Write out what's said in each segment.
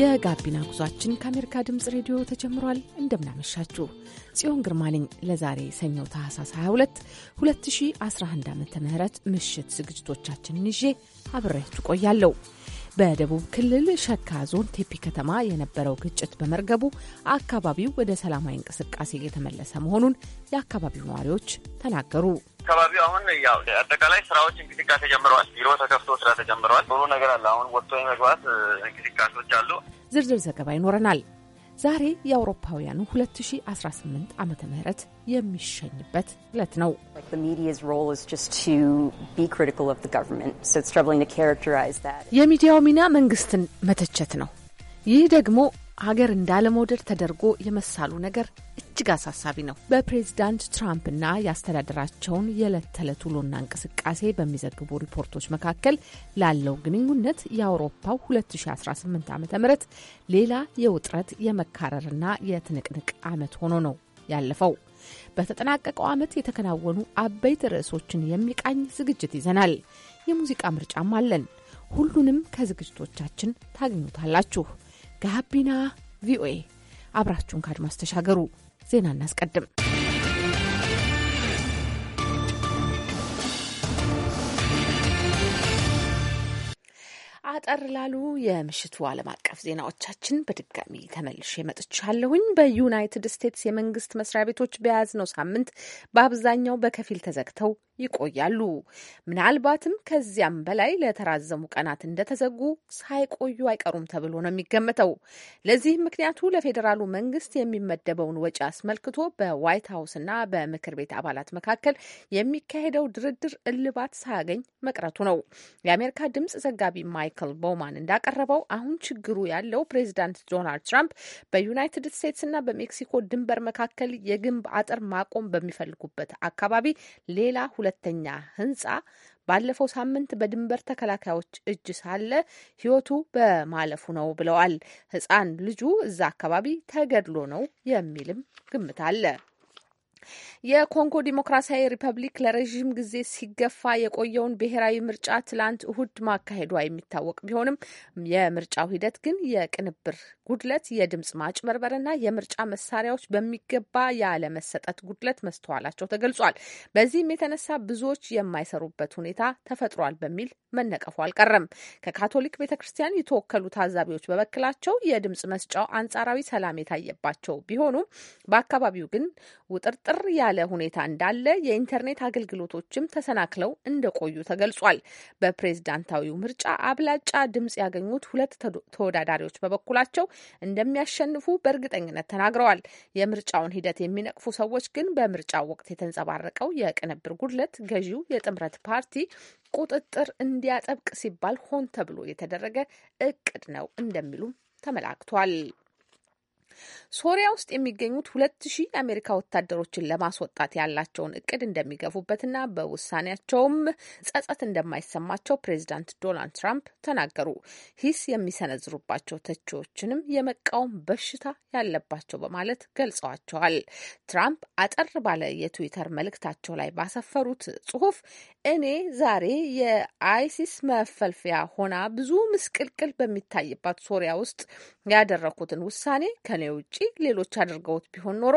የጋቢና ጉዟችን ከአሜሪካ ድምፅ ሬዲዮ ተጀምሯል። እንደምናመሻችሁ ጽዮን ግርማ ነኝ። ለዛሬ ሰኞ ታህሳስ 22 2011 ዓ ም ምሽት ዝግጅቶቻችንን ይዤ አብሬያችሁ ቆያለሁ። በደቡብ ክልል ሸካ ዞን ቴፒ ከተማ የነበረው ግጭት በመርገቡ አካባቢው ወደ ሰላማዊ እንቅስቃሴ የተመለሰ መሆኑን የአካባቢው ነዋሪዎች ተናገሩ። አካባቢው አሁን ያው አጠቃላይ ስራዎች እንቅስቃሴ ጀምረዋል። ቢሮ ተከፍቶ ስራ ተጀምረዋል። ጥሩ ነገር አለ። አሁን ወጥቶ የመግባት እንቅስቃሴዎች አሉ። ዝርዝር ዘገባ ይኖረናል። ዛሬ የአውሮፓውያኑ 2018 ዓ ም የሚሸኝበት ዕለት ነው። የሚዲያው ሚና መንግስትን መተቸት ነው። ይህ ደግሞ ሀገር እንዳለመውደድ ተደርጎ የመሳሉ ነገር እጅግ አሳሳቢ ነው። በፕሬዚዳንት ትራምፕና የአስተዳደራቸውን የዕለት ተዕለት ውሎና እንቅስቃሴ በሚዘግቡ ሪፖርቶች መካከል ላለው ግንኙነት የአውሮፓው 2018 ዓ ም ሌላ የውጥረት የመካረርና የትንቅንቅ ዓመት ሆኖ ነው ያለፈው። በተጠናቀቀው ዓመት የተከናወኑ አበይት ርዕሶችን የሚቃኝ ዝግጅት ይዘናል። የሙዚቃ ምርጫም አለን። ሁሉንም ከዝግጅቶቻችን ታግኙታላችሁ። ጋቢና ቪኦኤ አብራችሁን ከአድማስ ተሻገሩ። ዜና እናስቀድም። አጠር ላሉ የምሽቱ ዓለም አቀፍ ዜናዎቻችን በድጋሚ ተመልሼ መጥቻለሁኝ። በዩናይትድ ስቴትስ የመንግስት መስሪያ ቤቶች በያዝነው ሳምንት በአብዛኛው በከፊል ተዘግተው ይቆያሉ። ምናልባትም ከዚያም በላይ ለተራዘሙ ቀናት እንደተዘጉ ሳይቆዩ አይቀሩም ተብሎ ነው የሚገመተው። ለዚህ ምክንያቱ ለፌዴራሉ መንግስት የሚመደበውን ወጪ አስመልክቶ በዋይት ሀውስና በምክር ቤት አባላት መካከል የሚካሄደው ድርድር እልባት ሳያገኝ መቅረቱ ነው። የአሜሪካ ድምጽ ዘጋቢ ማይክል ማይክል ቦውማን እንዳቀረበው አሁን ችግሩ ያለው ፕሬዚዳንት ዶናልድ ትራምፕ በዩናይትድ ስቴትስና በሜክሲኮ ድንበር መካከል የግንብ አጥር ማቆም በሚፈልጉበት አካባቢ ሌላ ሁለተኛ ህንጻ ባለፈው ሳምንት በድንበር ተከላካዮች እጅ ሳለ ህይወቱ በማለፉ ነው ብለዋል። ህጻን ልጁ እዛ አካባቢ ተገድሎ ነው የሚልም ግምት አለ። የኮንጎ ዲሞክራሲያዊ ሪፐብሊክ ለረዥም ጊዜ ሲገፋ የቆየውን ብሔራዊ ምርጫ ትላንት እሁድ ማካሄዷ የሚታወቅ ቢሆንም የምርጫው ሂደት ግን የቅንብር ጉድለት፣ የድምጽ ማጭበርበርና የምርጫ መሳሪያዎች በሚገባ ያለመሰጠት ጉድለት መስተዋላቸው ተገልጿል። በዚህም የተነሳ ብዙዎች የማይሰሩበት ሁኔታ ተፈጥሯል በሚል መነቀፉ አልቀረም። ከካቶሊክ ቤተ ክርስቲያን የተወከሉ ታዛቢዎች በበኩላቸው የድምጽ መስጫው አንጻራዊ ሰላም የታየባቸው ቢሆኑም በአካባቢው ግን ውጥርጥር ጥር ያለ ሁኔታ እንዳለ የኢንተርኔት አገልግሎቶችም ተሰናክለው እንደቆዩ ተገልጿል። በፕሬዝዳንታዊው ምርጫ አብላጫ ድምጽ ያገኙት ሁለት ተወዳዳሪዎች በበኩላቸው እንደሚያሸንፉ በእርግጠኝነት ተናግረዋል። የምርጫውን ሂደት የሚነቅፉ ሰዎች ግን በምርጫው ወቅት የተንጸባረቀው የቅንብር ጉድለት ገዢው የጥምረት ፓርቲ ቁጥጥር እንዲያጠብቅ ሲባል ሆን ተብሎ የተደረገ እቅድ ነው እንደሚሉም ተመላክቷል። ሶሪያ ውስጥ የሚገኙት ሁለት ሺህ የአሜሪካ ወታደሮችን ለማስወጣት ያላቸውን እቅድ እንደሚገፉበትና በውሳኔያቸውም ጸጸት እንደማይሰማቸው ፕሬዚዳንት ዶናልድ ትራምፕ ተናገሩ። ሂስ የሚሰነዝሩባቸው ተቺዎችንም የመቃወም በሽታ ያለባቸው በማለት ገልጸዋቸዋል። ትራምፕ አጠር ባለ የትዊተር መልእክታቸው ላይ ባሰፈሩት ጽሁፍ እኔ ዛሬ የአይሲስ መፈልፈያ ሆና ብዙ ምስቅልቅል በሚታይባት ሶሪያ ውስጥ ያደረኩትን ውሳኔ ከኔ ውጪ ሌሎች አድርገውት ቢሆን ኖሮ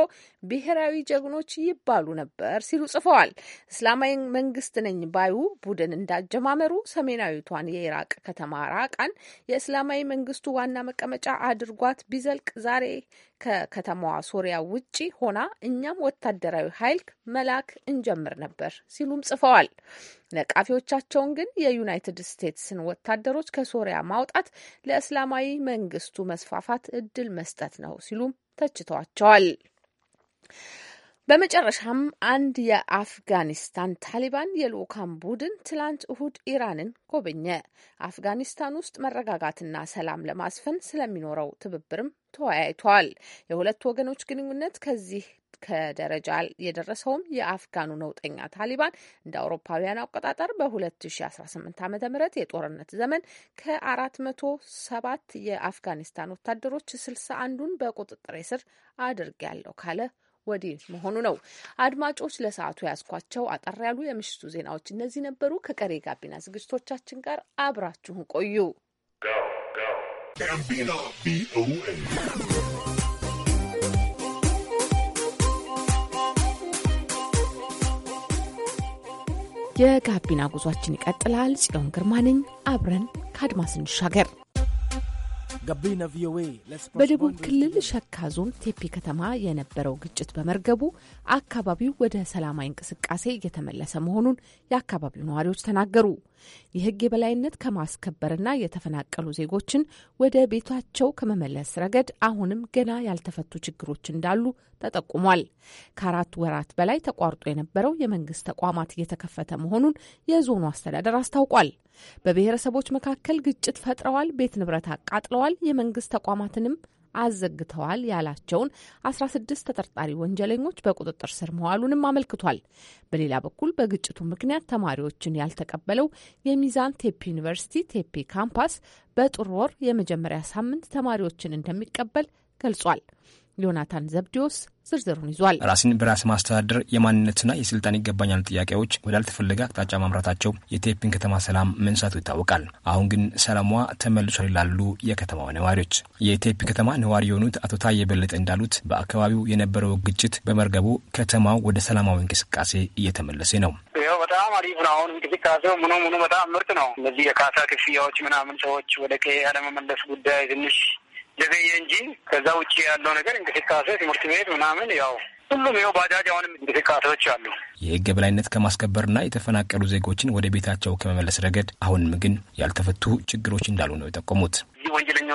ብሔራዊ ጀግኖች ይባሉ ነበር ሲሉ ጽፈዋል። እስላማዊ መንግስት ነኝ ባዩ ቡድን እንዳጀማመሩ ሰሜናዊቷን የኢራቅ ከተማ ራቃን የእስላማዊ መንግስቱ ዋና መቀመጫ አድርጓት ቢዘልቅ ዛሬ ከከተማዋ ሶሪያ ውጪ ሆና እኛም ወታደራዊ ኃይል መላክ እንጀምር ነበር ሲሉም ጽፈዋል። ነቃፊዎቻቸውን ግን የዩናይትድ ስቴትስን ወታደሮች ከሶሪያ ማውጣት ለእስላማዊ መንግስቱ መስፋፋት እድል መስጠት ነው ሲሉም ተችተዋቸዋል። በመጨረሻም አንድ የአፍጋኒስታን ታሊባን የልኡካን ቡድን ትላንት እሁድ ኢራንን ጎበኘ። አፍጋኒስታን ውስጥ መረጋጋትና ሰላም ለማስፈን ስለሚኖረው ትብብርም ተወያይቷል። የሁለት ወገኖች ግንኙነት ከዚህ ከደረጃ የደረሰውም የአፍጋኑ ነውጠኛ ታሊባን እንደ አውሮፓውያን አቆጣጠር በ2018 ዓ ም የጦርነት ዘመን ከ407 የአፍጋኒስታን ወታደሮች 61ዱን በቁጥጥሬ ስር አድርጌያለሁ ካለ ወዲህ መሆኑ ነው። አድማጮች ለሰዓቱ ያስኳቸው አጠር ያሉ የምሽቱ ዜናዎች እነዚህ ነበሩ። ከቀሪ ጋቢና ዝግጅቶቻችን ጋር አብራችሁን ቆዩ። ጋቢና ቪኦኤ የጋቢና ጉዟችን ይቀጥላል። ጽዮን ግርማ ነኝ። አብረን ከአድማስ እንሻገር። በደቡብ ክልል ሸካ ዞን ቴፒ ከተማ የነበረው ግጭት በመርገቡ አካባቢው ወደ ሰላማዊ እንቅስቃሴ እየተመለሰ መሆኑን የአካባቢው ነዋሪዎች ተናገሩ። የህግ የበላይነት ከማስከበርና የተፈናቀሉ ዜጎችን ወደ ቤታቸው ከመመለስ ረገድ አሁንም ገና ያልተፈቱ ችግሮች እንዳሉ ተጠቁሟል። ከአራት ወራት በላይ ተቋርጦ የነበረው የመንግስት ተቋማት እየተከፈተ መሆኑን የዞኑ አስተዳደር አስታውቋል። በብሔረሰቦች መካከል ግጭት ፈጥረዋል፣ ቤት ንብረት አቃጥለዋል፣ የመንግስት ተቋማትንም አዘግተዋል ያላቸውን 16 ተጠርጣሪ ወንጀለኞች በቁጥጥር ስር መዋሉንም አመልክቷል። በሌላ በኩል በግጭቱ ምክንያት ተማሪዎችን ያልተቀበለው የሚዛን ቴፒ ዩኒቨርሲቲ ቴፒ ካምፓስ በጥር ወር የመጀመሪያ ሳምንት ተማሪዎችን እንደሚቀበል ገልጿል። ዮናታን ዘብዲዎስ ዝርዝሩን ይዟል። ራስን በራስ ማስተዳደር የማንነትና የስልጣን ይገባኛል ጥያቄዎች ወዳልተፈለገ አቅጣጫ ማምራታቸው የቴፒን ከተማ ሰላም መንሳቱ ይታወቃል። አሁን ግን ሰላሟ ተመልሷል ይላሉ የከተማው ነዋሪዎች። የቴፒ ከተማ ነዋሪ የሆኑት አቶ ታዬ በለጠ እንዳሉት በአካባቢው የነበረው ግጭት በመርገቡ ከተማው ወደ ሰላማዊ እንቅስቃሴ እየተመለሰ ነው። ይኸው በጣም አሪፍ ነው። አሁን እንቅስቃሴው ምኑ ምኑ በጣም ምርጥ ነው። እነዚህ የካሳ ክፍያዎች ምናምን ሰዎች ወደ ቀዬ ያለመመለስ ጉዳይ ትንሽ ዘገየ እንጂ ከዛ ውጭ ያለው ነገር እንቅስቃሴ ትምህርት ቤት ምናምን ያው ሁሉም ይኸው ባጃጅ አሁንም እንቅስቃሴዎች አሉ። የህግ የበላይነት ከማስከበርና የተፈናቀሉ ዜጎችን ወደ ቤታቸው ከመመለስ ረገድ አሁንም ግን ያልተፈቱ ችግሮች እንዳሉ ነው የጠቆሙት።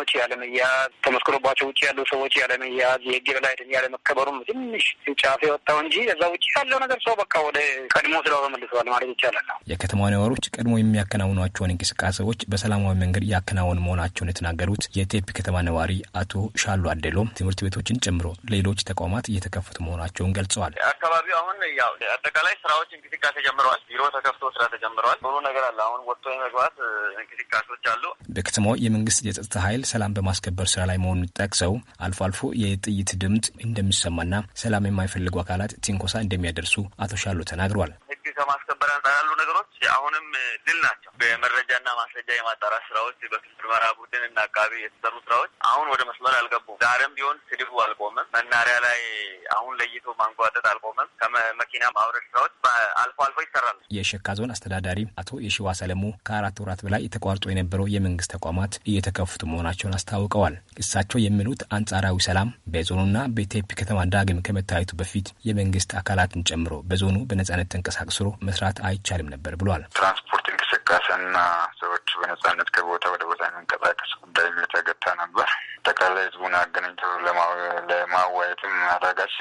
እስረኞች ያለመያዝ፣ ተመስክሮባቸው ውጭ ያሉ ሰዎች ያለመያዝ፣ የህግ የበላይነት ያለመከበሩም ትንሽ ጫፍ የወጣው እንጂ እዛ ውጭ ያለው ነገር ሰው በቃ ወደ ቀድሞ ስለው ተመልሰዋል ማለት ይቻላል። የከተማ ነዋሪዎች ቀድሞ የሚያከናውኗቸውን እንቅስቃሴዎች በሰላማዊ መንገድ ያከናወኑ መሆናቸውን የተናገሩት የቴፒ ከተማ ነዋሪ አቶ ሻሉ አደሎ ትምህርት ቤቶችን ጨምሮ ሌሎች ተቋማት እየተከፈቱ መሆናቸውን ገልጸዋል። አካባቢው አሁን ያው አጠቃላይ ስራዎች እንቅስቃሴ ጀምረዋል። ቢሮ ተከፍቶ ስራ ተጀምረዋል። ጥሩ ነገር አለ። አሁን ወጥቶ የመግባት እንቅስቃሴዎች አሉ። በከተማው የመንግስት የጸጥታ ኃይል ሰላም በማስከበር ስራ ላይ መሆኑን ጠቅሰው አልፎ አልፎ የጥይት ድምፅ እንደሚሰማና ሰላም የማይፈልጉ አካላት ትንኮሳ እንደሚያደርሱ አቶ ሻሎ ተናግሯል። ከማስከበር አንጻር ያሉ ነገሮች አሁንም ድል ናቸው። በመረጃና ማስረጃ የማጣራት ስራዎች በክስ ምርመራ ቡድን እና አቃቢ የተሰሩ ስራዎች አሁን ወደ መስመር አልገቡም። ዛሬም ቢሆን ስድቡ አልቆመም። መናሪያ ላይ አሁን ለይቶ ማንጓጠጥ አልቆመም። ከመኪና ማውረድ ስራዎች አልፎ አልፎ ይሰራሉ። የሸካ ዞን አስተዳዳሪ አቶ የሽዋ ሰለሙ ከአራት ወራት በላይ የተቋርጦ የነበረው የመንግስት ተቋማት እየተከፍቱ መሆናቸውን አስታውቀዋል። እሳቸው የሚሉት አንጻራዊ ሰላም በዞኑና በቴፒ ከተማ ዳግም ከመታየቱ በፊት የመንግስት አካላትን ጨምሮ በዞኑ በነጻነት ተንቀሳቅሶ መስራት አይቻልም ነበር ብሏል። ትራንስፖርት እንቅስቃሴና ሰዎች በነጻነት ከቦታ ወደ ቦታ የመንቀሳቀስ ጉዳይ የተገታ ነበር። አጠቃላይ ህዝቡን አገናኝቶ ለማዋየትም አዳጋች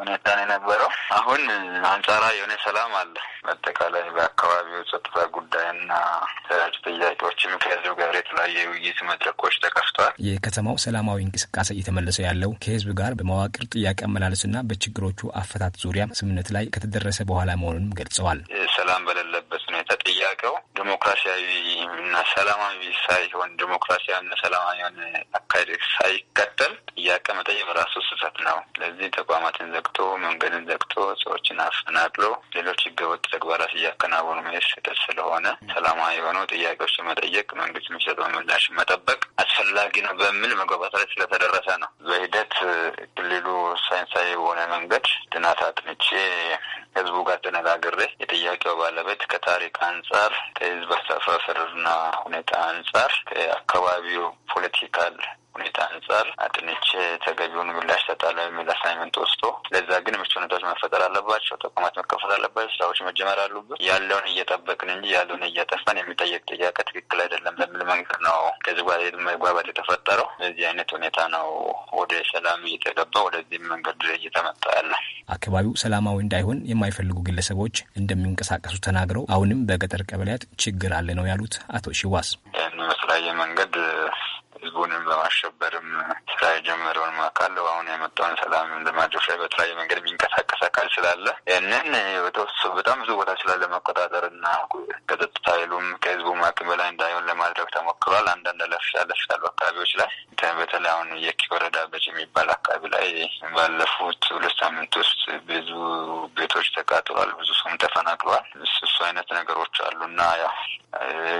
ሁኔታ ነው የነበረው። አሁን አንጻራዊ የሆነ ሰላም አለ። በአጠቃላይ በአካባቢው ጸጥታ ጉዳይና ተያያዥ ጥያቄዎችም ከህዝብ ጋር የተለያዩ የውይይት መድረኮች ተከፍተዋል። የከተማው ሰላማዊ እንቅስቃሴ እየተመለሰ ያለው ከህዝብ ጋር በመዋቅር ጥያቄ አመላለስና በችግሮቹ አፈታት ዙሪያ ስምምነት ላይ ከተደረሰ በኋላ መሆኑንም ገልጸዋል። ሰላም በሌለበት ሁኔታ ጥያቄው እና ሰላማዊ ሳይሆን ዲሞክራሲያዊና ሰላማዊ የሆነ አካሄድ ሳይከተል ጥያቄ መጠየቅ ራሱ ስህተት ነው። ለዚህ ተቋማትን ዘግቶ መንገድን ዘግቶ ሰዎችን አፈናቅሎ ሌሎች ህገወጥ ተግባራት እያከናወኑ መሄድ ስህተት ስለሆነ ሰላማዊ የሆነው ጥያቄዎች መጠየቅ፣ መንግስት የሚሰጠው ምላሽ መጠበቅ አስፈላጊ ነው በሚል መግባባት ላይ ስለተደረሰ ነው። በሂደት ክልሉ ሳይንሳዊ በሆነ መንገድ ጥናት አጥንቼ ህዝቡ ጋር ተነጋግሬ የጥያቄው ባለቤት ከታሪክ አንጻር በስተአስተሳሰርና ሁኔታ አንጻር ከአካባቢው ፖለቲካል ሁኔታ አንጻር አጥንቼ ተገቢውን ምላሽ ሰጣለሁ የሚል አሳይመንት ወስዶ ለዛ ግን ምቹ ሁኔታዎች መፈጠር አለባቸው። ተቋማት መከፈት አለባቸው። ስራዎች መጀመር አሉበት። ያለውን እየጠበቅን እንጂ ያለውን እያጠፋን የሚጠየቅ ጥያቄ ትክክል አይደለም በሚል መንገድ ነው ከዚህ መግባባት የተፈጠረው። በዚህ አይነት ሁኔታ ነው ወደ ሰላም እየተገባ ወደዚህም መንገድ እየተመጣ ያለ። አካባቢው ሰላማዊ እንዳይሆን የማይፈልጉ ግለሰቦች እንደሚንቀሳቀሱ ተናግረው አሁንም በገጠር ቀበሌያት ችግር አለ ነው ያሉት አቶ ሺዋስ በሚመስላየ መንገድ ህዝቡንም ለማሸበርም ስራ የጀመረውን አካል አሁን ያመጣውን ሰላም ለማድረፍ በተለያየ መንገድ የሚንቀሳቀስ አካል ስላለ ይህንን በተወሰ በጣም ብዙ ቦታ ስላለ መቆጣጠር እና ከጸጥታ ኃይሉም ከህዝቡም አቅም በላይ እንዳይሆን ለማድረግ ተሞክሯል። አንዳንድ ለፍሻ ለፍሻሉ አካባቢዎች ላይ በተለይ አሁን የኪ ወረዳ በጭ የሚባል አካባቢ ላይ ባለፉት ሁለት ሳምንት ውስጥ ብዙ ቤቶች ተቃጥሏል። ብዙ ሰውም ተፈናቅሏል። እሱ አይነት ነገሮች አሉ እና ያው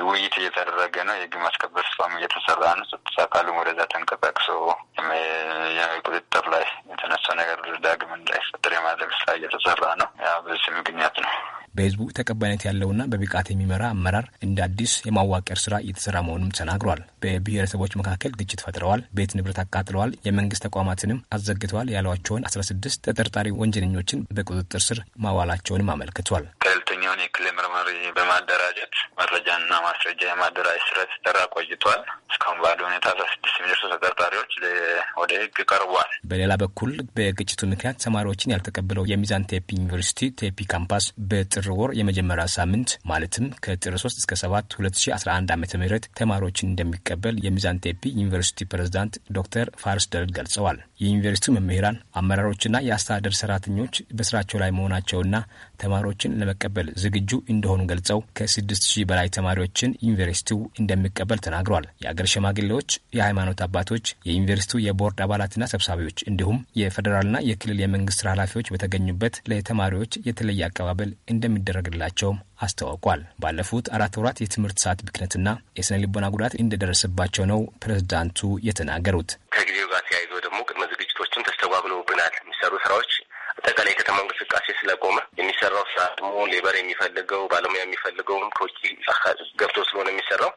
ውይይት እየተደረገ ነው። የህግ ማስከበር ስራም እየተሰራ ነው። አካሉም ወደዛ ተንቀሳቅሶ ቁጥጥር ላይ የተነሳ ነገር ዳግም እንዳይፈጠር የማድረግ ስራ እየተሰራ ነው። በዚህ ምክንያት ነው በህዝቡ ተቀባይነት ያለውና በብቃት የሚመራ አመራር እንደ አዲስ የማዋቀር ስራ እየተሰራ መሆኑም ተናግሯል። በብሔረሰቦች መካከል ግጭት ፈጥረዋል፣ ቤት ንብረት አቃጥለዋል፣ የመንግስት ተቋማትንም አዘግተዋል ያሏቸውን አስራ ስድስት ተጠርጣሪ ወንጀለኞችን በቁጥጥር ስር ማዋላቸውንም አመልክቷል። የሆነ የክልል ምርምር በማደራጀት መረጃና ማስረጃ የማደራጀት ስራ ሲሰራ ቆይቷል። እስካሁን ባለ ሁኔታ ስድስት የሚደርሱ ተጠርጣሪዎች ወደ ህግ ቀርቧል። በሌላ በኩል በግጭቱ ምክንያት ተማሪዎችን ያልተቀበለው የሚዛን ቴፒ ዩኒቨርሲቲ ቴፒ ካምፓስ በጥር ወር የመጀመሪያ ሳምንት ማለትም ከጥር 3 እስከ አስራ አንድ አመተ ምህረት ተማሪዎችን እንደሚቀበል የሚዛን ቴፒ ዩኒቨርሲቲ ፕሬዝዳንት ዶክተር ፋርስ ደርግ ገልጸዋል። የዩኒቨርሲቲው መምህራን አመራሮችና የአስተዳደር ሰራተኞች በስራቸው ላይ መሆናቸውና ተማሪዎችን ለመቀበል ዝግጁ እንደሆኑ ገልጸው ከ ሺህ በላይ ተማሪዎችን ዩኒቨርሲቲው እንደሚቀበል ተናግሯል። የአገር ሽማግሌዎች፣ የሃይማኖት አባቶች፣ የዩኒቨርሲቲው የቦርድ አባላትና ሰብሳቢዎች እንዲሁም የፌዴራልና የክልል የመንግስት ስራ ኃላፊዎች በተገኙበት ለተማሪዎች የተለየ አቀባበል እንደሚደረግላቸውም አስታውቋል። ባለፉት አራት ወራት የትምህርት ሰዓት ብክነትና የስነ ልቦና ጉዳት እንደደረሰባቸው ነው ፕሬዝዳንቱ የተናገሩት። ከጊዜው ጋር የከተማው እንቅስቃሴ ስለቆመ የሚሰራው ስራ ደግሞ ሌበር የሚፈልገው ባለሙያ የሚፈልገውም ከውጭ ገብቶ ስለሆነ የሚሰራው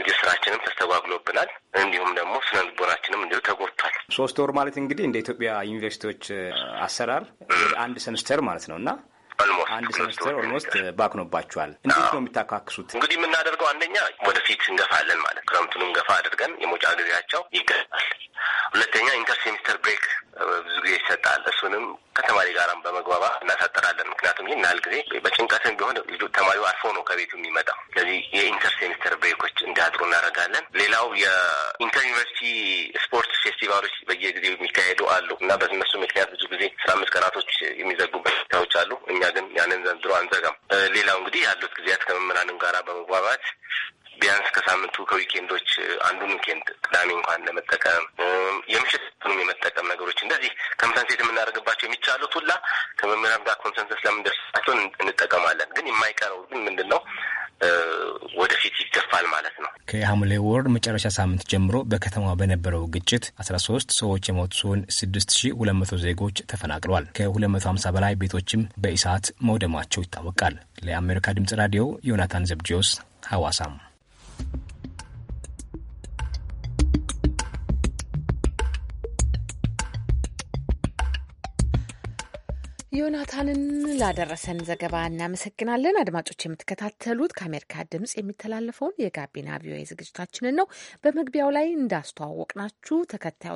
እንዲሁ ስራችንም ተስተጓግሎብናል እንዲሁም ደግሞ ስነ ልቦናችንም እንዲሁ ተጎድቷል። ሶስት ወር ማለት እንግዲህ እንደ ኢትዮጵያ ዩኒቨርሲቲዎች አሰራር አንድ ሰምስተር ማለት ነው እና አንድ ሴሜስተር ኦልሞስት eh, ባክኖባቸዋል። እንዴት ነው የሚታካክሱት? እንግዲህ የምናደርገው አንደኛ ወደፊት እንገፋለን ማለት ክረምቱንም ገፋ አድርገን የመውጫ ጊዜያቸው ይገፋል። ሁለተኛ ኢንተር ሴሚስተር ብሬክ eh, ብዙ ጊዜ ይሰጣል። እሱንም ከተማሪ ጋራም በመግባባት እናሳጠራለን። ምክንያቱም ይህን ያህል ጊዜ በጭንቀትም ቢሆን ልጁ ተማሪው አርፎ ነው ከቤቱ የሚመጣው። ስለዚህ የኢንተር ሴሚስተር ብሬኮች እንዲያጥሩ እናደርጋለን። ሌላው የኢንተር ዩኒቨርሲቲ ስፖርት ፌስቲቫሎች በየጊዜው የሚካሄዱ አሉ እና በእነሱ ምክንያት ብዙ ጊዜ አስራ አምስት ቀናቶች የሚዘጉበት ታዎች አሉ እኛ ግን ያንን ዘንድሮ አንዘጋም። ሌላው እንግዲህ ያሉት ጊዜያት ከመምህራንም ጋራ በመግባባት ቢያንስ ከሳምንቱ ከዊኬንዶች አንዱን ዊኬንድ ቅዳሜ እንኳን ለመጠቀም የምሽቱንም የመጠቀም ነገሮች እንደዚህ ኮንሰንሴት የምናደርግባቸው የሚቻሉት ሁላ ከመምህራን ጋር ኮንሰንሰስ ለምንደርስባቸውን እንጠቀማለን። ግን የማይቀረው ግን ምንድን ነው ወደፊት ይገፋል ማለት ነው። ከሐምሌ ወር መጨረሻ ሳምንት ጀምሮ በከተማ በነበረው ግጭት 13 ሰዎች የሞቱ ሲሆን 6200 ዜጎች ተፈናቅለዋል። ከ250 በላይ ቤቶችም በእሳት መውደማቸው ይታወቃል። ለአሜሪካ ድምጽ ራዲዮ ዮናታን ዘብጆስ ሐዋሳም ዮናታንን ላደረሰን ዘገባ እናመሰግናለን። አድማጮች የምትከታተሉት ከአሜሪካ ድምጽ የሚተላለፈውን የጋቢና ቪኦኤ ዝግጅታችንን ነው። በመግቢያው ላይ እንዳስተዋወቅናችሁ ተከታዩ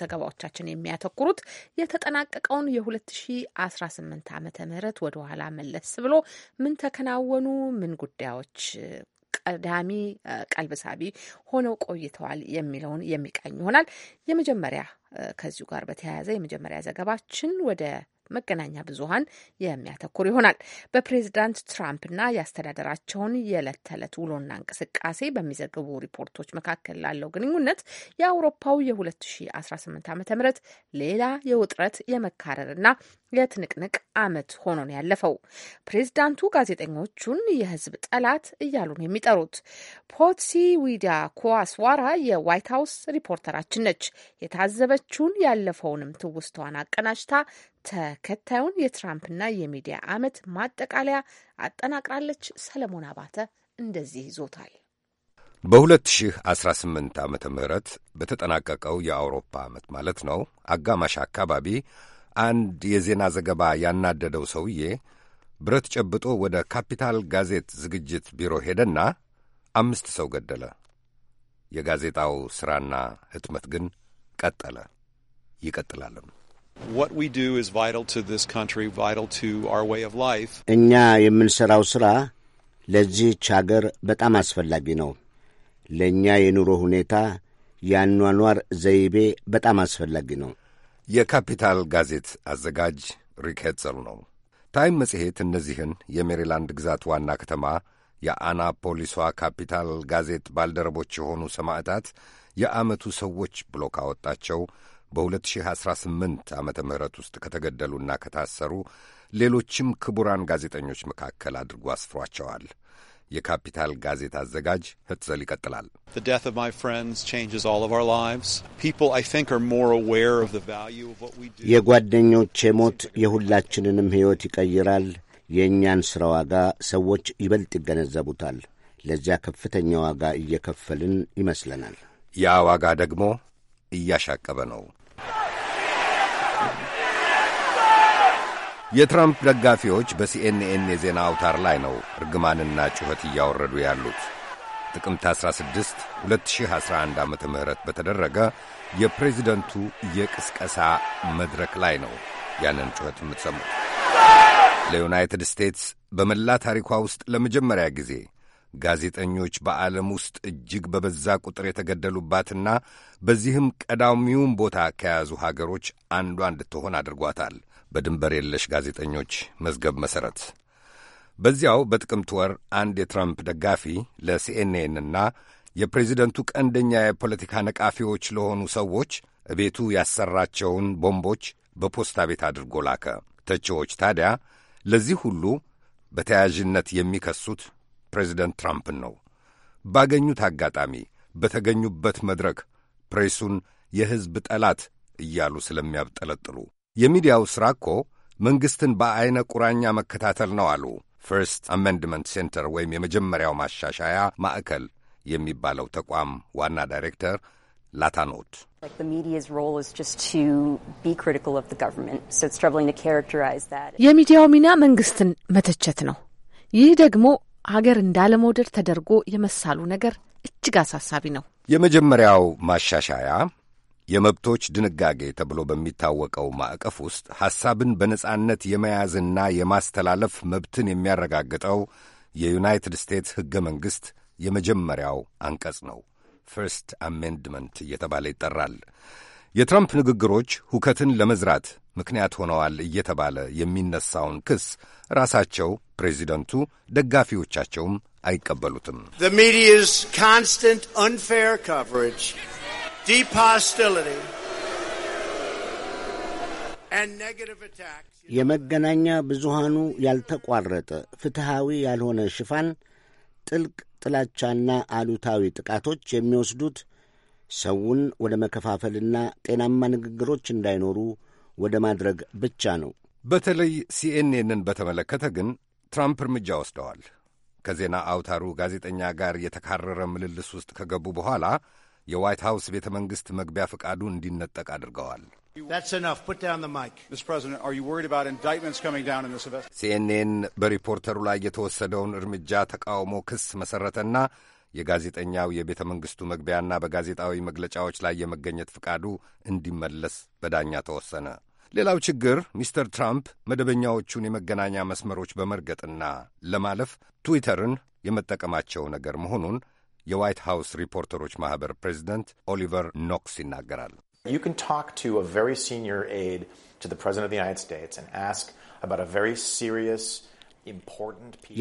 ዘገባዎቻችን የሚያተኩሩት የተጠናቀቀውን የ2018 ዓ ምህረት ወደ ኋላ መለስ ብሎ ምን ተከናወኑ፣ ምን ጉዳዮች ቀዳሚ ቀልብ ሳቢ ሆነው ቆይተዋል የሚለውን የሚቀኝ ይሆናል። የመጀመሪያ ከዚሁ ጋር በተያያዘ የመጀመሪያ ዘገባችን ወደ መገናኛ ብዙሀን የሚያተኩር ይሆናል። በፕሬዚዳንት ትራምፕና የአስተዳደራቸውን የዕለት ተዕለት ውሎና እንቅስቃሴ በሚዘግቡ ሪፖርቶች መካከል ላለው ግንኙነት የአውሮፓው የ2018 ዓ ም ሌላ የውጥረት የመካረርና የትንቅንቅ አመት ሆኖ ነው ያለፈው። ፕሬዚዳንቱ ጋዜጠኞቹን የህዝብ ጠላት እያሉ ነው የሚጠሩት። ፖትሲ ዊዳ ኮዋስዋራ የዋይት ሀውስ ሪፖርተራችን ነች። የታዘበችውን ያለፈውንም ትውስተዋን አቀናጅታ ተከታዩን የትራምፕና የሚዲያ አመት ማጠቃለያ አጠናቅራለች። ሰለሞን አባተ እንደዚህ ይዞታል። በ2018 ዓ ም በተጠናቀቀው የአውሮፓ ዓመት ማለት ነው አጋማሽ አካባቢ አንድ የዜና ዘገባ ያናደደው ሰውዬ ብረት ጨብጦ ወደ ካፒታል ጋዜት ዝግጅት ቢሮ ሄደና አምስት ሰው ገደለ። የጋዜጣው ሥራና ህትመት ግን ቀጠለ፣ ይቀጥላልም። እኛ የምንሠራው ሥራ ለዚህች አገር በጣም አስፈላጊ ነው። ለእኛ የኑሮ ሁኔታ፣ የአኗኗር ዘይቤ በጣም አስፈላጊ ነው። የካፒታል ጋዜት አዘጋጅ ሪክ ሄትዘል ነው። ታይም መጽሔት እነዚህን የሜሪላንድ ግዛት ዋና ከተማ የአናፖሊሷ ካፒታል ጋዜጥ ባልደረቦች የሆኑ ሰማዕታት የዓመቱ ሰዎች ብሎ ካወጣቸው በ2018 ዓ ም ውስጥ ከተገደሉና ከታሰሩ ሌሎችም ክቡራን ጋዜጠኞች መካከል አድርጎ አስፍሯቸዋል። የካፒታል ጋዜጣ አዘጋጅ ህትዘል ይቀጥላል። የጓደኞቼ ሞት የሁላችንንም ሕይወት ይቀይራል። የእኛን ሥራ ዋጋ ሰዎች ይበልጥ ይገነዘቡታል። ለዚያ ከፍተኛ ዋጋ እየከፈልን ይመስለናል። ያ ዋጋ ደግሞ እያሻቀበ ነው። የትራምፕ ደጋፊዎች በሲኤንኤን የዜና አውታር ላይ ነው እርግማንና ጩኸት እያወረዱ ያሉት። ጥቅምት 16 2011 ዓ ም በተደረገ የፕሬዚደንቱ የቅስቀሳ መድረክ ላይ ነው ያንን ጩኸት የምትሰሙት። ለዩናይትድ ስቴትስ በመላ ታሪኳ ውስጥ ለመጀመሪያ ጊዜ ጋዜጠኞች በዓለም ውስጥ እጅግ በበዛ ቁጥር የተገደሉባትና በዚህም ቀዳሚውን ቦታ ከያዙ ሀገሮች አንዷ እንድትሆን አድርጓታል። በድንበር የለሽ ጋዜጠኞች መዝገብ መሠረት በዚያው በጥቅምት ወር አንድ የትራምፕ ደጋፊ ለሲኤንኤንና የፕሬዚደንቱ ቀንደኛ የፖለቲካ ነቃፊዎች ለሆኑ ሰዎች እቤቱ ያሰራቸውን ቦምቦች በፖስታ ቤት አድርጎ ላከ። ተቺዎች ታዲያ ለዚህ ሁሉ በተያያዥነት የሚከሱት ፕሬዚደንት ትራምፕን ነው። ባገኙት አጋጣሚ በተገኙበት መድረክ ፕሬሱን የሕዝብ ጠላት እያሉ ስለሚያብጠለጥሉ የሚዲያው ሥራ እኮ መንግሥትን በዐይነ ቁራኛ መከታተል ነው አሉ ፈርስት አሜንድመንት ሴንተር ወይም የመጀመሪያው ማሻሻያ ማዕከል የሚባለው ተቋም ዋና ዳይሬክተር ላታኖት። የሚዲያው ሚና መንግሥትን መተቸት ነው። ይህ ደግሞ ሀገር እንዳለመውደድ ተደርጎ የመሳሉ ነገር እጅግ አሳሳቢ ነው። የመጀመሪያው ማሻሻያ የመብቶች ድንጋጌ ተብሎ በሚታወቀው ማዕቀፍ ውስጥ ሐሳብን በነጻነት የመያዝና የማስተላለፍ መብትን የሚያረጋግጠው የዩናይትድ ስቴትስ ሕገ መንግሥት የመጀመሪያው አንቀጽ ነው። ፈርስት አሜንድመንት እየተባለ ይጠራል። የትራምፕ ንግግሮች ሁከትን ለመዝራት ምክንያት ሆነዋል እየተባለ የሚነሳውን ክስ ራሳቸው ፕሬዚደንቱ፣ ደጋፊዎቻቸውም አይቀበሉትም። የመገናኛ ብዙሃኑ ያልተቋረጠ ፍትሐዊ ያልሆነ ሽፋን፣ ጥልቅ ጥላቻና አሉታዊ ጥቃቶች የሚወስዱት ሰውን ወደ መከፋፈልና ጤናማ ንግግሮች እንዳይኖሩ ወደ ማድረግ ብቻ ነው። በተለይ ሲኤንኤንን በተመለከተ ግን ትራምፕ እርምጃ ወስደዋል። ከዜና አውታሩ ጋዜጠኛ ጋር የተካረረ ምልልስ ውስጥ ከገቡ በኋላ የዋይት ሀውስ ቤተ መንግሥት መግቢያ ፈቃዱ እንዲነጠቅ አድርገዋል። ሲኤንኤን በሪፖርተሩ ላይ የተወሰደውን እርምጃ ተቃውሞ ክስ መሠረተና የጋዜጠኛው የቤተ መንግሥቱ መግቢያና በጋዜጣዊ መግለጫዎች ላይ የመገኘት ፍቃዱ እንዲመለስ በዳኛ ተወሰነ። ሌላው ችግር ሚስተር ትራምፕ መደበኛዎቹን የመገናኛ መስመሮች በመርገጥና ለማለፍ ትዊተርን የመጠቀማቸው ነገር መሆኑን የዋይት ሃውስ ሪፖርተሮች ማህበር ፕሬዚደንት ኦሊቨር ኖክስ ይናገራል።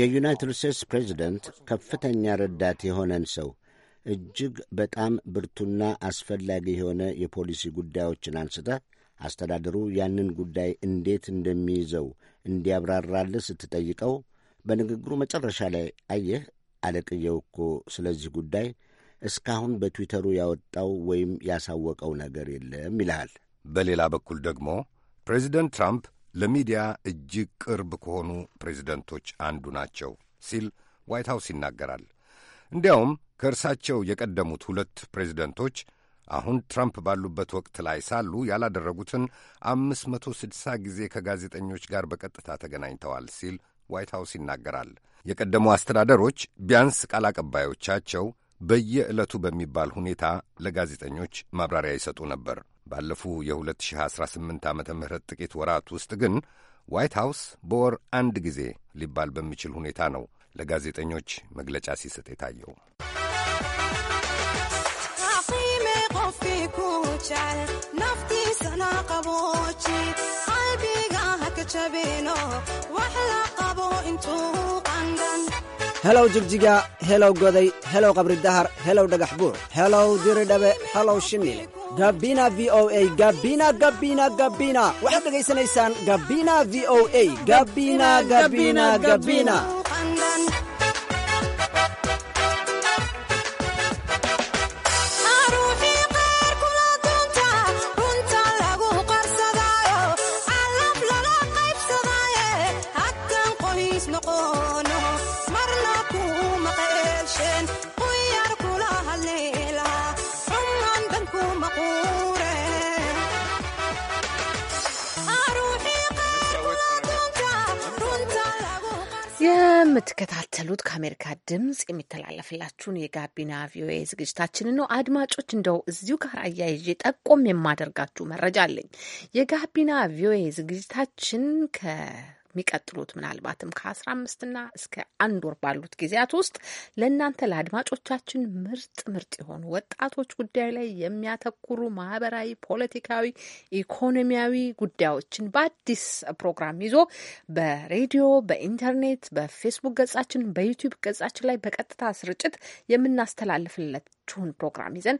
የዩናይትድ ስቴትስ ፕሬዚደንት ከፍተኛ ረዳት የሆነን ሰው እጅግ በጣም ብርቱና አስፈላጊ የሆነ የፖሊሲ ጉዳዮችን አንስተ አስተዳደሩ ያንን ጉዳይ እንዴት እንደሚይዘው እንዲያብራራልህ ስትጠይቀው በንግግሩ መጨረሻ ላይ አየህ አለቅየው እኮ ስለዚህ ጉዳይ እስካሁን በትዊተሩ ያወጣው ወይም ያሳወቀው ነገር የለም ይልሃል። በሌላ በኩል ደግሞ ፕሬዚደንት ትራምፕ ለሚዲያ እጅግ ቅርብ ከሆኑ ፕሬዚደንቶች አንዱ ናቸው ሲል ዋይት ሀውስ ይናገራል። እንዲያውም ከእርሳቸው የቀደሙት ሁለት ፕሬዚደንቶች አሁን ትራምፕ ባሉበት ወቅት ላይ ሳሉ ያላደረጉትን አምስት መቶ ስድሳ ጊዜ ከጋዜጠኞች ጋር በቀጥታ ተገናኝተዋል ሲል ዋይት ሀውስ ይናገራል። የቀደሙ አስተዳደሮች ቢያንስ ቃል አቀባዮቻቸው በየዕለቱ በሚባል ሁኔታ ለጋዜጠኞች ማብራሪያ ይሰጡ ነበር። ባለፉ የ2018 ዓ ምህረት ጥቂት ወራት ውስጥ ግን ዋይት ሀውስ በወር አንድ ጊዜ ሊባል በሚችል ሁኔታ ነው ለጋዜጠኞች መግለጫ ሲሰጥ የታየው። helow jigjiga helow goday helow qabri dahar helow dhagax buuc helow diridhabe helow shimil gabina v o a gabina gabina gabina waxaad dhegaysanaysaan gabina v o a gabina gabina gabina የምትከታተሉት ከአሜሪካ ድምጽ የሚተላለፍላችሁን የጋቢና ቪኦኤ ዝግጅታችንን ነው። አድማጮች፣ እንደው እዚሁ ጋር አያይዤ ጠቆም የማደርጋችሁ መረጃ አለኝ። የጋቢና ቪኦኤ ዝግጅታችን ከ በሚቀጥሉት ምናልባትም ከአስራ አምስትና እስከ አንድ ወር ባሉት ጊዜያት ውስጥ ለእናንተ ለአድማጮቻችን ምርጥ ምርጥ የሆኑ ወጣቶች ጉዳይ ላይ የሚያተኩሩ ማህበራዊ፣ ፖለቲካዊ፣ ኢኮኖሚያዊ ጉዳዮችን በአዲስ ፕሮግራም ይዞ በሬዲዮ፣ በኢንተርኔት፣ በፌስቡክ ገጻችን፣ በዩቲዩብ ገጻችን ላይ በቀጥታ ስርጭት የምናስተላልፍላችሁን ፕሮግራም ይዘን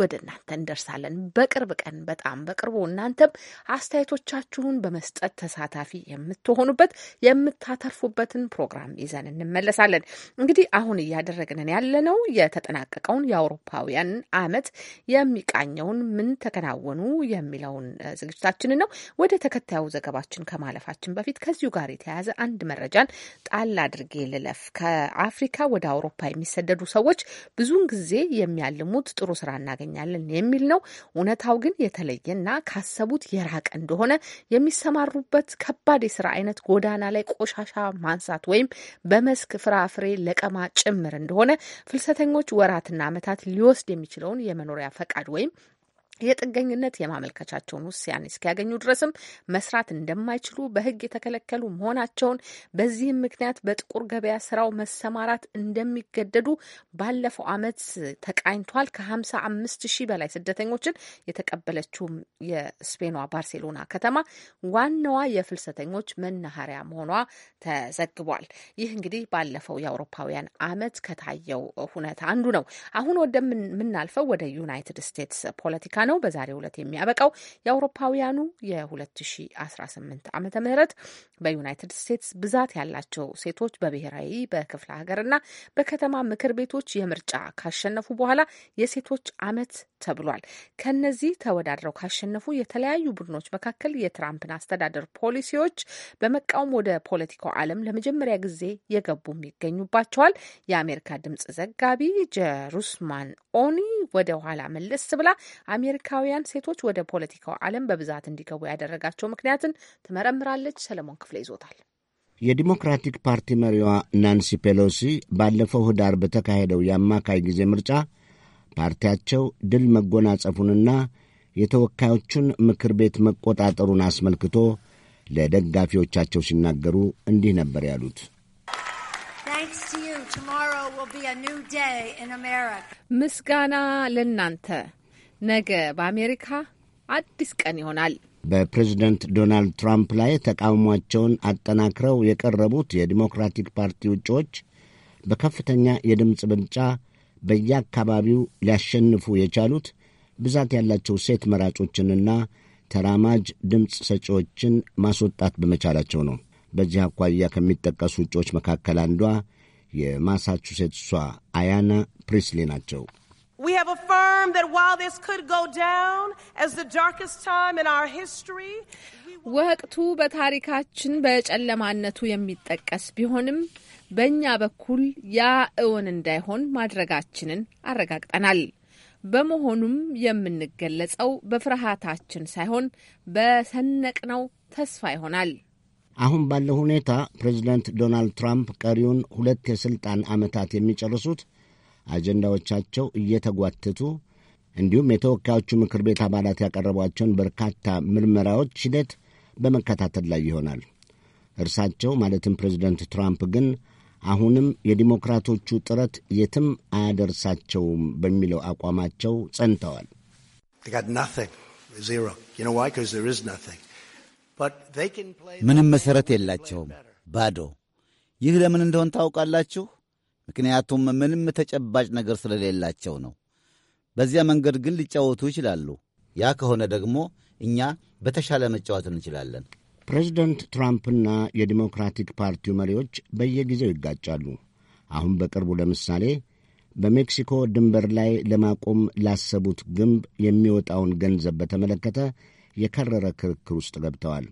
ወደ እናንተ እንደርሳለን። በቅርብ ቀን በጣም በቅርቡ እናንተም አስተያየቶቻችሁን በመስጠት ተሳታፊ የምትሆኑበት የምታተርፉበትን ፕሮግራም ይዘን እንመለሳለን። እንግዲህ አሁን እያደረግንን ያለነው የተጠናቀቀውን የአውሮፓውያን ዓመት የሚቃኘውን ምን ተከናወኑ የሚለውን ዝግጅታችንን ነው። ወደ ተከታዩ ዘገባችን ከማለፋችን በፊት ከዚሁ ጋር የተያያዘ አንድ መረጃን ጣል አድርጌ ልለፍ። ከአፍሪካ ወደ አውሮፓ የሚሰደዱ ሰዎች ብዙውን ጊዜ የሚያልሙት ጥሩ ስራ እናገ እናገኛለን የሚል ነው። እውነታው ግን የተለየና ካሰቡት የራቀ እንደሆነ የሚሰማሩበት ከባድ የስራ አይነት ጎዳና ላይ ቆሻሻ ማንሳት ወይም በመስክ ፍራፍሬ ለቀማ ጭምር እንደሆነ ፍልሰተኞች ወራትና ዓመታት ሊወስድ የሚችለውን የመኖሪያ ፈቃድ ወይም የጥገኝነት የማመልከቻቸውን ውሳኔ እስኪያገኙ ድረስም መስራት እንደማይችሉ በሕግ የተከለከሉ መሆናቸውን በዚህም ምክንያት በጥቁር ገበያ ስራው መሰማራት እንደሚገደዱ ባለፈው ዓመት ተቃኝቷል። ከሀምሳ አምስት ሺህ በላይ ስደተኞችን የተቀበለችውም የስፔኗ ባርሴሎና ከተማ ዋናዋ የፍልሰተኞች መናኸሪያ መሆኗ ተዘግቧል። ይህ እንግዲህ ባለፈው የአውሮፓውያን ዓመት ከታየው ሁኔታ አንዱ ነው። አሁን ወደምናልፈው ወደ ዩናይትድ ስቴትስ ፖለቲካ ነው በዛሬው ዕለት የሚያበቃው። የአውሮፓውያኑ የ2018 ዓ ም በዩናይትድ ስቴትስ ብዛት ያላቸው ሴቶች በብሔራዊ በክፍለ ሀገርና በከተማ ምክር ቤቶች የምርጫ ካሸነፉ በኋላ የሴቶች አመት ተብሏል። ከነዚህ ተወዳድረው ካሸነፉ የተለያዩ ቡድኖች መካከል የትራምፕን አስተዳደር ፖሊሲዎች በመቃወም ወደ ፖለቲካው ዓለም ለመጀመሪያ ጊዜ የገቡም ይገኙባቸዋል። የአሜሪካ ድምጽ ዘጋቢ ጀሩስማን ኦኒ ወደ ኋላ መለስ ብላ አሜሪካውያን ሴቶች ወደ ፖለቲካው ዓለም በብዛት እንዲገቡ ያደረጋቸው ምክንያትን ትመረምራለች። ሰለሞን ክፍለ ይዞታል። የዲሞክራቲክ ፓርቲ መሪዋ ናንሲ ፔሎሲ ባለፈው ህዳር በተካሄደው የአማካይ ጊዜ ምርጫ ፓርቲያቸው ድል መጎናጸፉንና የተወካዮቹን ምክር ቤት መቆጣጠሩን አስመልክቶ ለደጋፊዎቻቸው ሲናገሩ እንዲህ ነበር ያሉት። ምስጋና ለእናንተ ነገ በአሜሪካ አዲስ ቀን ይሆናል። በፕሬዝደንት ዶናልድ ትራምፕ ላይ ተቃውሟቸውን አጠናክረው የቀረቡት የዲሞክራቲክ ፓርቲ ዕጩዎች በከፍተኛ የድምፅ ብልጫ በየአካባቢው ሊያሸንፉ የቻሉት ብዛት ያላቸው ሴት መራጮችንና ተራማጅ ድምፅ ሰጪዎችን ማስወጣት በመቻላቸው ነው። በዚህ አኳያ ከሚጠቀሱ ዕጩዎች መካከል አንዷ የማሳቹሴትሷ አያና ፕሪስሊ ናቸው። We have affirmed that while this could go down as the darkest time in our history, ወቅቱ በታሪካችን በጨለማነቱ የሚጠቀስ ቢሆንም በእኛ በኩል ያ እውን እንዳይሆን ማድረጋችንን አረጋግጠናል። በመሆኑም የምንገለጸው በፍርሃታችን ሳይሆን በሰነቅነው ተስፋ ይሆናል። አሁን ባለው ሁኔታ ፕሬዚደንት ዶናልድ ትራምፕ ቀሪውን ሁለት የሥልጣን ዓመታት የሚጨርሱት አጀንዳዎቻቸው እየተጓተቱ እንዲሁም የተወካዮቹ ምክር ቤት አባላት ያቀረቧቸውን በርካታ ምርመራዎች ሂደት በመከታተል ላይ ይሆናል። እርሳቸው ማለትም ፕሬዚደንት ትራምፕ ግን አሁንም የዲሞክራቶቹ ጥረት የትም አያደርሳቸውም በሚለው አቋማቸው ጸንተዋል። ምንም መሠረት የላቸውም፣ ባዶ። ይህ ለምን እንደሆን ታውቃላችሁ? ምክንያቱም ምንም ተጨባጭ ነገር ስለሌላቸው ነው። በዚያ መንገድ ግን ሊጫወቱ ይችላሉ። ያ ከሆነ ደግሞ እኛ በተሻለ መጫወት እንችላለን። ፕሬዚደንት ትራምፕና የዲሞክራቲክ ፓርቲው መሪዎች በየጊዜው ይጋጫሉ። አሁን በቅርቡ ለምሳሌ በሜክሲኮ ድንበር ላይ ለማቆም ላሰቡት ግንብ የሚወጣውን ገንዘብ በተመለከተ የከረረ ክርክር ውስጥ ገብተዋል።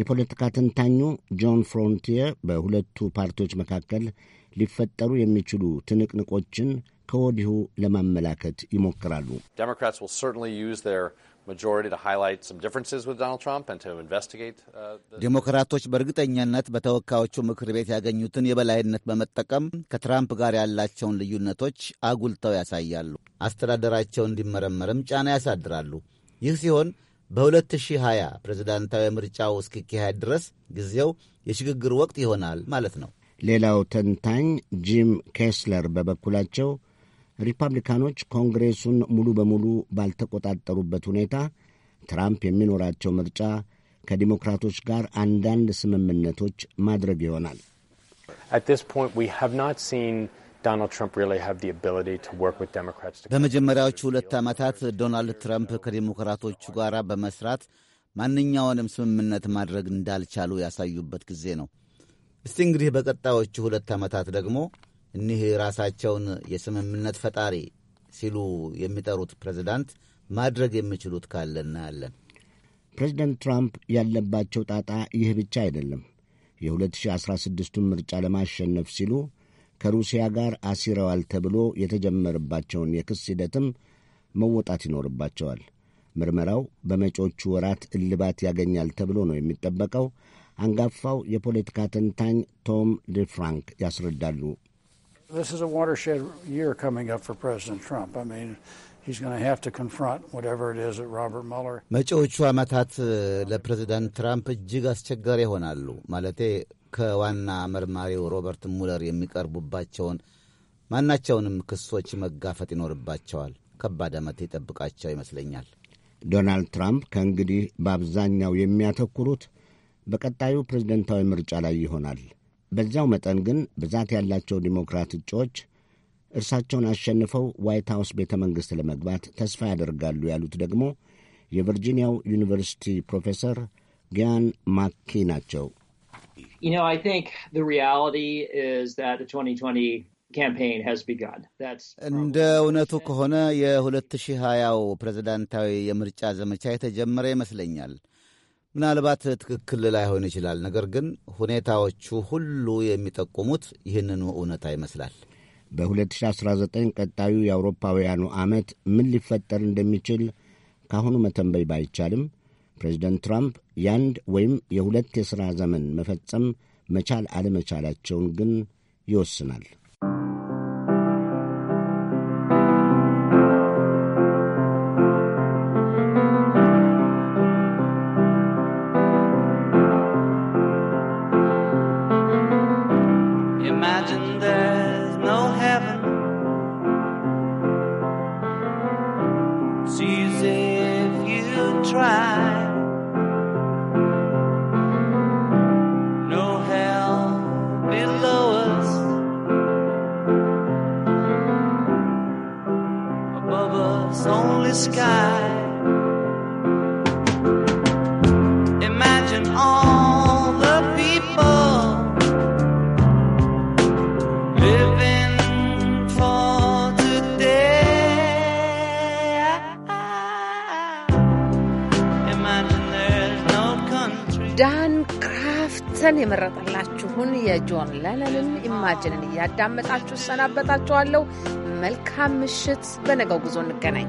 የፖለቲካ ተንታኙ ጆን ፍሮንቲየር በሁለቱ ፓርቲዎች መካከል ሊፈጠሩ የሚችሉ ትንቅንቆችን ከወዲሁ ለማመላከት ይሞክራሉ። ዴሞክራቶች uh, በእርግጠኛነት በተወካዮቹ ምክር ቤት ያገኙትን የበላይነት በመጠቀም ከትራምፕ ጋር ያላቸውን ልዩነቶች አጉልተው ያሳያሉ። አስተዳደራቸው እንዲመረመርም ጫና ያሳድራሉ። ይህ ሲሆን በ2020 ፕሬዝዳንታዊ ምርጫው እስኪካሄድ ድረስ ጊዜው የሽግግር ወቅት ይሆናል ማለት ነው። ሌላው ተንታኝ ጂም ኬስለር በበኩላቸው ሪፐብሊካኖች ኮንግሬሱን ሙሉ በሙሉ ባልተቆጣጠሩበት ሁኔታ ትራምፕ የሚኖራቸው ምርጫ ከዲሞክራቶች ጋር አንዳንድ ስምምነቶች ማድረግ ይሆናል። በመጀመሪያዎቹ ሁለት ዓመታት ዶናልድ ትራምፕ ከዲሞክራቶቹ ጋር በመስራት ማንኛውንም ስምምነት ማድረግ እንዳልቻሉ ያሳዩበት ጊዜ ነው። እስቲ እንግዲህ በቀጣዮቹ ሁለት ዓመታት ደግሞ እኒህ ራሳቸውን የስምምነት ፈጣሪ ሲሉ የሚጠሩት ፕሬዚዳንት ማድረግ የሚችሉት ካለ እናያለን። ፕሬዚደንት ትራምፕ ያለባቸው ጣጣ ይህ ብቻ አይደለም። የ2016ቱን ምርጫ ለማሸነፍ ሲሉ ከሩሲያ ጋር አሲረዋል ተብሎ የተጀመረባቸውን የክስ ሂደትም መወጣት ይኖርባቸዋል። ምርመራው በመጪዎቹ ወራት እልባት ያገኛል ተብሎ ነው የሚጠበቀው። አንጋፋው የፖለቲካ ተንታኝ ቶም ዲፍራንክ ያስረዳሉ። መጪዎቹ ዓመታት uh, ለፕሬዚዳንት ትራምፕ እጅግ አስቸጋሪ ይሆናሉ። ማለቴ ከዋና መርማሪው ሮበርት ሙለር የሚቀርቡባቸውን ማናቸውንም ክሶች መጋፈጥ ይኖርባቸዋል። ከባድ ዓመት ይጠብቃቸው ይመስለኛል። ዶናልድ ትራምፕ ከእንግዲህ በአብዛኛው የሚያተኩሩት በቀጣዩ ፕሬዝደንታዊ ምርጫ ላይ ይሆናል። በዚያው መጠን ግን ብዛት ያላቸው ዲሞክራት እጩዎች እርሳቸውን አሸንፈው ዋይት ሀውስ ቤተ መንግሥት ለመግባት ተስፋ ያደርጋሉ ያሉት ደግሞ የቨርጂኒያው ዩኒቨርሲቲ ፕሮፌሰር ጊያን ማኪ ናቸው። እንደ እውነቱ ከሆነ የ 2020 ፕሬዝዳንታዊ የምርጫ ዘመቻ የተጀመረ ይመስለኛል። ምናልባት ትክክል ላይሆን ይችላል። ነገር ግን ሁኔታዎቹ ሁሉ የሚጠቁሙት ይህንኑ እውነታ ይመስላል። በ2019 ቀጣዩ የአውሮፓውያኑ ዓመት ምን ሊፈጠር እንደሚችል ካሁኑ መተንበይ ባይቻልም ፕሬዚደንት ትራምፕ ያንድ ወይም የሁለት የሥራ ዘመን መፈጸም መቻል አለመቻላቸውን ግን ይወስናል። ይዘን የመረጠላችሁን የጆን ለነንን ኢማጅንን እያዳመጣችሁ እሰናበታችኋለሁ። መልካም ምሽት። በነገው ጉዞ እንገናኝ።